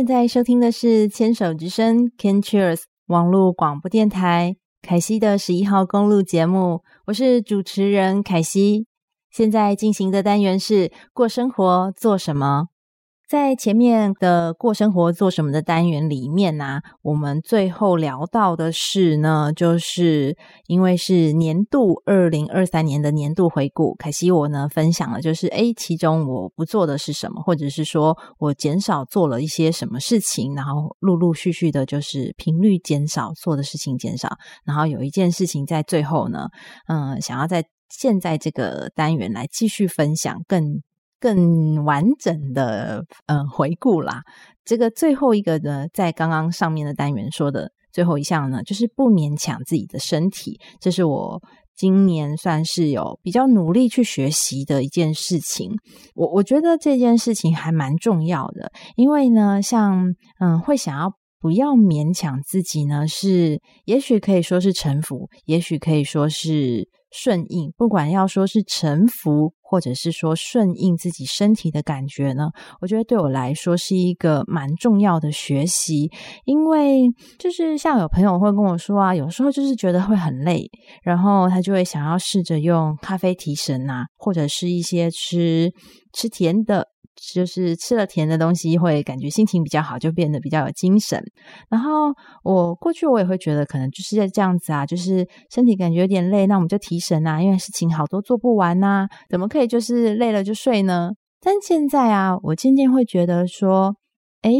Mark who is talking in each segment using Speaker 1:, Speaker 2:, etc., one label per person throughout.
Speaker 1: 現在收聽的是《牽手之聲》（Can Cheers） 網絡廣播電臺凱西的十一號公路節目，我是主持人凱西。現在進行的單元是“過生活做什麼”。在前面的過生活做什麼的單元裡面呢、啊，我們最後聊到的是呢，就是因為是年度二零二三年的年度回顧，凱西我呢分享了，就是誒，其中我不做的是什麼，或者是說我減少做了一些什麼事情，然後陸陸續續的，就是頻率減少做的事情減少，然後有一件事情在最後呢，嗯、呃，想要在現在這個單元來繼續分享更更完整的呃、嗯、回顧啦，這個最後一個呢，在剛剛上面的單元說的最後一項呢，就是不勉強自己的身體，這是我今年算是有比較努力去學習的一件事情。我我覺得這件事情還蠻重要的，因為呢，像嗯，會想要不要勉強自己呢，是也許可以說是臣服，也許可以說是順應，不管要說是臣服。或者是說順應自己身體的感覺呢，我覺得對我來說是一個蠻重要的學習，因為就是像有朋友會跟我說啊，有時候就是覺得會很累，然後他就會想要試着用咖啡提神啊，或者是一些吃吃甜的。就是吃了甜的東西會感覺心情比較好，就變得比較有精神。然後我過去我也會覺得可能就是這樣子啊，就是身體感覺有點累，那我們就提神啊，因為事情好多做不完吶、啊，怎麼可以就是累了就睡呢？但現在啊，我漸漸會覺得說，哎，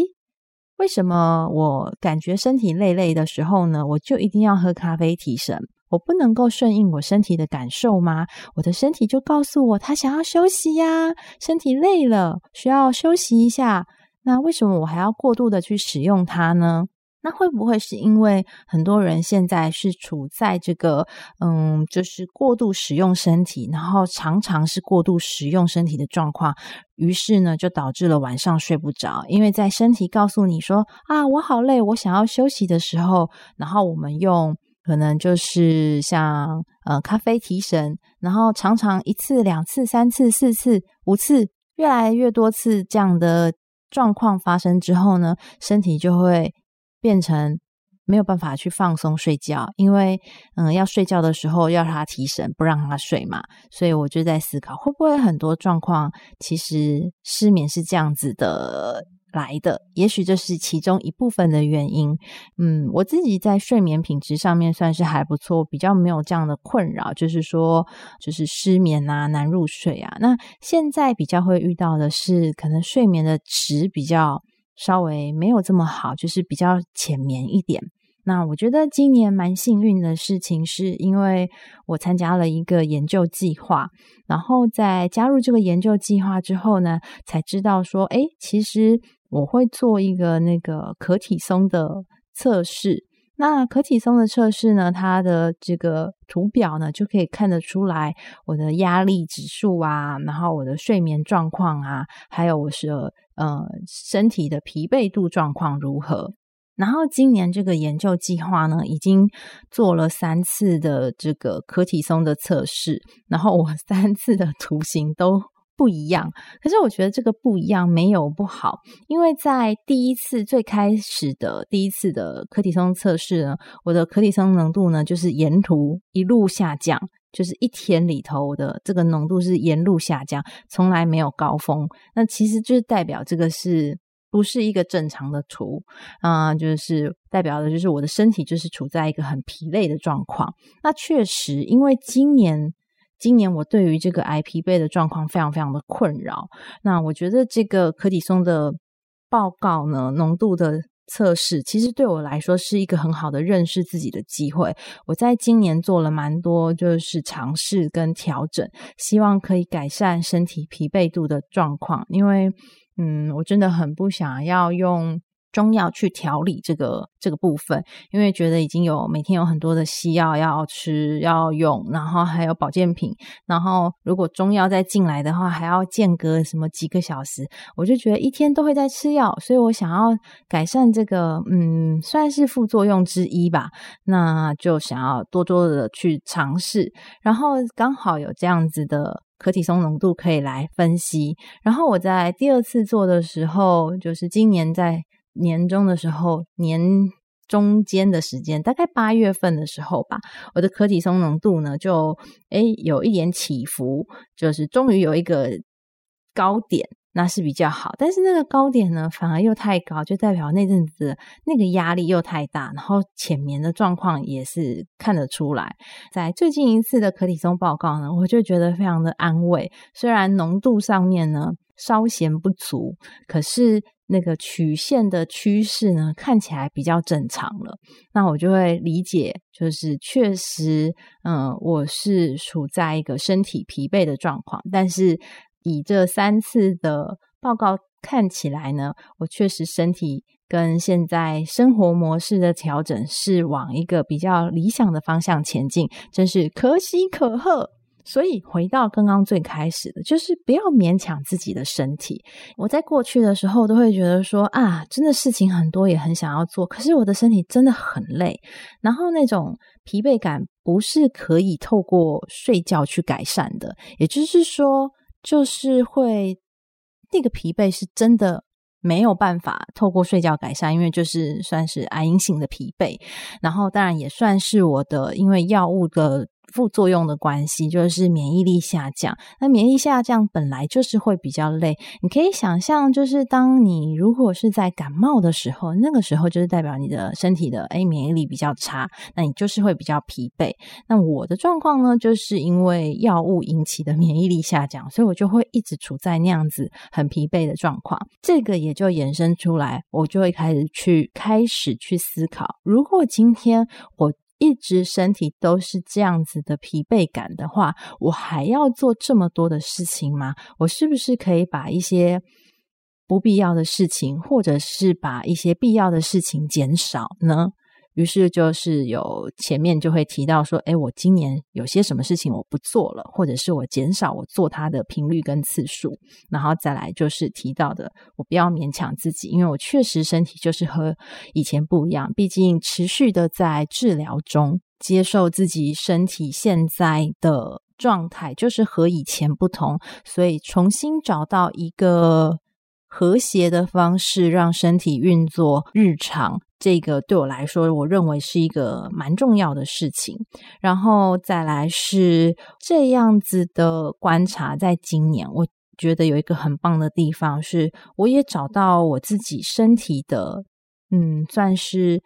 Speaker 1: 為什麼我感覺身體累累的時候呢，我就一定要喝咖啡提神？我不能夠順應我身體的感受嗎？我的身體就告訴我，他想要休息呀、啊，身體累了，需要休息一下。那為什麼我還要過度的去使用它呢？那會不會是因為很多人現在是處在這個，嗯，就是過度使用身體，然後常常是過度使用身體的狀況，於是呢，就導致了晚上睡不着，因為在身體告訴你說啊，我好累，我想要休息的時候，然後我們用。可能就是像呃咖啡提神，然後常常一次兩次三次四次五次越來越多次這樣的狀況發生之後呢，身體就會變成沒有辦法去放鬆睡覺，因為嗯、呃、要睡覺的時候要他提神，不讓他睡嘛，所以我就在思考會不會很多狀況其實失眠是這樣子的。來的，也許這是其中一部分的原因。嗯，我自己在睡眠品質上面算是還不錯，比較沒有這樣的困擾，就是說，就是失眠啊，難入睡啊。那現在比較會遇到的是，可能睡眠的質比較稍微沒有這麼好，就是比較淺眠一點。那我覺得今年蠻幸運的事情，是因為我參加了一個研究計劃，然後在加入這個研究計劃之後呢，才知道說，哎，其實。我會做一個那個可體松的測試。那可體松的測試呢，它的這個圖表呢，就可以看得出來我的壓力指數啊，然後我的睡眠狀況啊，還有我的呃身體的疲憊度狀況如何。然後今年這個研究計劃呢，已經做了三次的這個可體松的測試，然後我三次的圖形都不一樣，可是我覺得這個不一樣沒有不好，因為在第一次最開始的第一次的可體松測試呢，我的可體松濃度呢就是沿途一路下降，就是一天裡頭的這個濃度是沿路下降，從來沒有高峰。那其實就是代表這個是不是一個正常的圖啊、呃？就是代表的就是我的身體就是處在一個很疲累的狀況。那確實，因為今年。今年我對於這個癌疲憊的狀況非常非常的困擾。那我覺得這個可體松的報告呢，濃度的測試其實對我來說是一個很好的認識自己的機會。我在今年做了蠻多，就是嘗試跟調整，希望可以改善身體疲憊度的狀況。因為，嗯，我真的很不想要用。中藥去調理這個這個部分，因為覺得已經有每天有很多的西藥要吃要用，然後還有保健品，然後如果中藥再進來的話，還要間隔什麼幾個小時，我就覺得一天都會在吃藥，所以我想要改善這個，嗯，算是副作用之一吧，那就想要多多的去嘗試，然後剛好有這樣子的可體松濃度可以來分析，然後我在第二次做的時候，就是今年在。年中的時候，年中間的時間，大概八月份的時候吧，我的可體松濃度呢，就誒、欸、有一點起伏，就是終於有一個高點，那是比較好。但是那個高點呢，反而又太高，就代表那陣子那個壓力又太大，然後淺眠的狀況也是看得出來。在最近一次的可體松報告呢，我就覺得非常的安慰，雖然濃度上面呢稍嫌不足，可是。那個曲線的趨勢呢，看起來比較正常了。那我就會理解，就是確實，嗯，我是處在一個身體疲憊的狀況。但是以這三次的報告看起來呢，我確實身體跟現在生活模式的調整是往一個比較理想的方向前進，真是可喜可賀。所以回到剛剛最開始的，就是不要勉強自己的身體。我在過去的時候都會覺得說啊，真的事情很多，也很想要做，可是我的身體真的很累。然後那種疲憊感不是可以透過睡覺去改善的，也就是說，就是會那個疲憊是真的沒有辦法透過睡覺改善，因為就是算是癌因性的疲憊。然後當然也算是我的因為藥物的。副作用的關係，就是免疫力下降，那免疫力下降本來就是會比較累。你可以想象就是當你如果是在感冒的時候，那個時候就是代表你的身體的誒，免疫力比較差，那你就是會比較疲憊。那我的狀況呢，就是因為藥物引起的免疫力下降，所以我就會一直處在那樣子很疲憊的狀況。這個也就衍生出來，我就會開始去開始去思考，如果今天我，一直身體都是這樣子的疲憊感的話，我還要做這麼多的事情嗎？我是不是可以把一些不必要的事情，或者是把一些必要的事情減少呢？於是，就是有前面就會提到說，誒，我今年有些什麼事情我不做了，或者是我減少我做它的頻率跟次數，然後再來就是提到的，我不要勉強自己，因為我確實身體就是和以前不一樣，畢竟持續的在治療中，接受自己身體現在的狀態就是和以前不同，所以重新找到一個和諧的方式，讓身體運作日常。這個對我來說，我認為是一個蠻重要的事情。然後再來是這樣子的觀察，在今年我覺得有一個很棒的地方是，我也找到我自己身體的，嗯，算是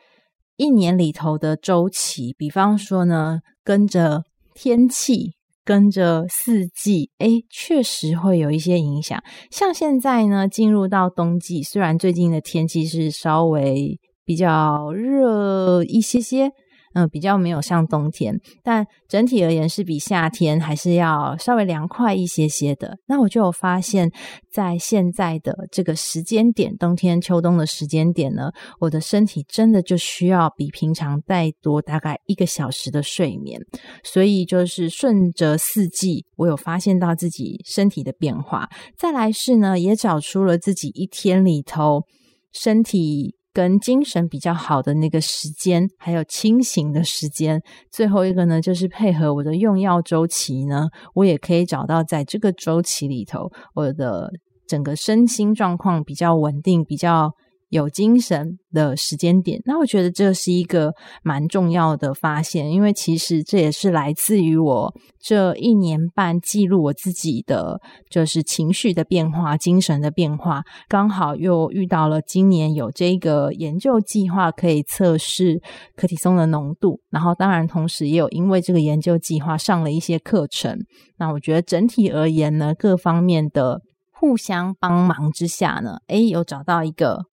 Speaker 1: 一年裡頭的週期。比方說呢，跟着天氣，跟着四季，誒，確實會有一些影響。像現在呢，進入到冬季，雖然最近的天氣是稍微。比較熱一些些，嗯、呃，比較沒有像冬天，但整體而言，是比夏天還是要稍微涼快一些些的。那我就有發現，在現在的這個時間點，冬天秋冬的時間點呢，我的身體真的就需要比平常再多大概一個小時的睡眠。所以就是順着四季，我有發現到自己身體的變化。再來是呢，也找出了自己一天裡頭身體，跟精神比較好的那個時間，還有清醒的時間，最後一個呢，就是配合我的用藥週期呢，我也可以找到在這個週期裡頭，我的整個身心狀況比較穩定，比較。有精神的時間點，那我覺得這是一個蠻重要的發現，因為其實這也是來自於我這一年半記錄我自己的就是情緒的變化、精神的變化，剛好又遇到了今年有這個研究計劃可以測試可體松的濃度，然後當然同時也有因為這個研究計劃上了一些課程，那我覺得整體而言呢，各方面的互相幫忙之下呢，誒，有找到一個。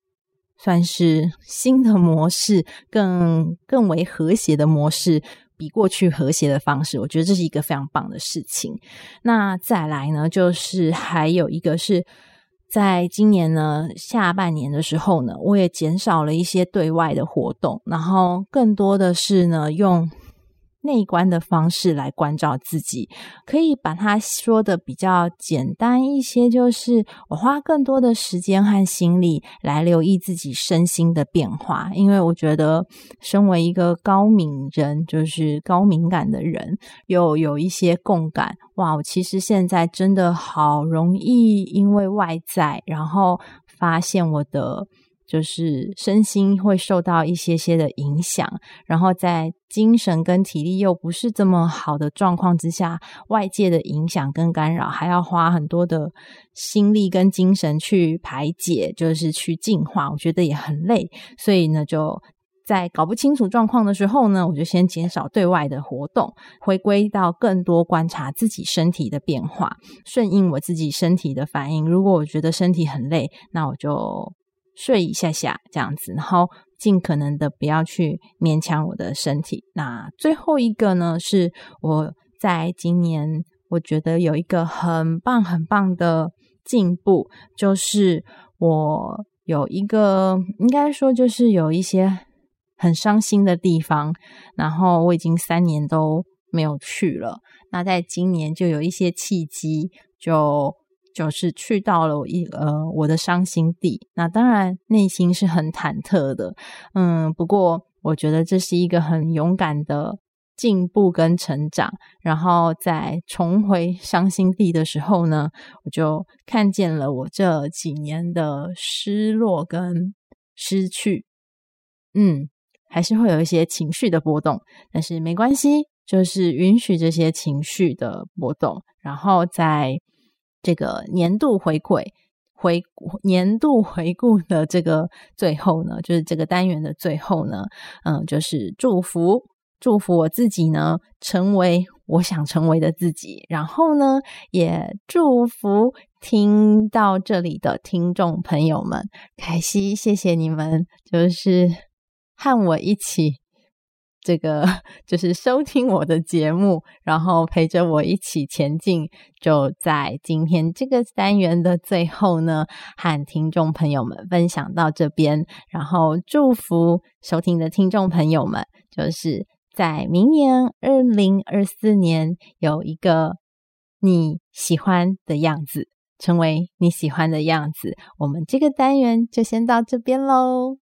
Speaker 1: 算是新的模式，更更為和諧的模式，比過去和諧的方式，我覺得這是一個非常棒的事情。那再來呢，就是還有一個是，在今年呢，下半年的時候呢，我也減少了一些對外的活動，然後更多的是呢，用。內觀的方式來關照自己，可以把它說的比較簡單一些，就是我花更多的時間和心力來留意自己身心的變化。因為我覺得，身為一個高敏人，就是高敏感的人，又有一些共感，哇！我其實現在真的好容易因為外在，然後發現我的。就是身心會受到一些些的影響，然後在精神跟體力又不是這麼好的狀況之下，外界的影響跟干擾還要花很多的心力跟精神去排解，就是去淨化，我覺得也很累。所以呢，就在搞不清楚狀況的時候呢，我就先減少對外的活動，回歸到更多觀察自己身體的變化，順應我自己身體的反應。如果我覺得身體很累，那我就。睡一下下這樣子，然後盡可能的不要去勉強我的身體。那最後一個呢，是我在今年我覺得有一個很棒很棒的進步，就是我有一個應該說，就是有一些很傷心的地方，然後我已經三年都沒有去了。那在今年就有一些契機就。就是去到了我，呃，我的傷心地，那當然內心是很忐忑的，嗯，不過我覺得這是一個很勇敢的進步跟成長。然後在重回傷心地的時候呢，我就看見了我這幾年的失落跟失去，嗯，還是會有一些情緒的波動，但是沒關係，就是允許這些情緒的波動，然後再。這個年度回饋、回年度回顧的這個最後呢，就是這個單元的最後呢，嗯，就是祝福祝福我自己呢，成為我想成為的自己。然後呢，也祝福聽到這裡的聽眾朋友們，凱西，謝謝你們，就是和我一起。這個就是收聽我的節目，然後陪着我一起前進。就在今天這個單元的最後呢，和聽眾朋友們分享到這邊，然後祝福收聽的聽眾朋友們，就是在明年二零二四年有一個你喜歡的樣子，成為你喜歡的樣子。我們這個單元就先到這邊嘍。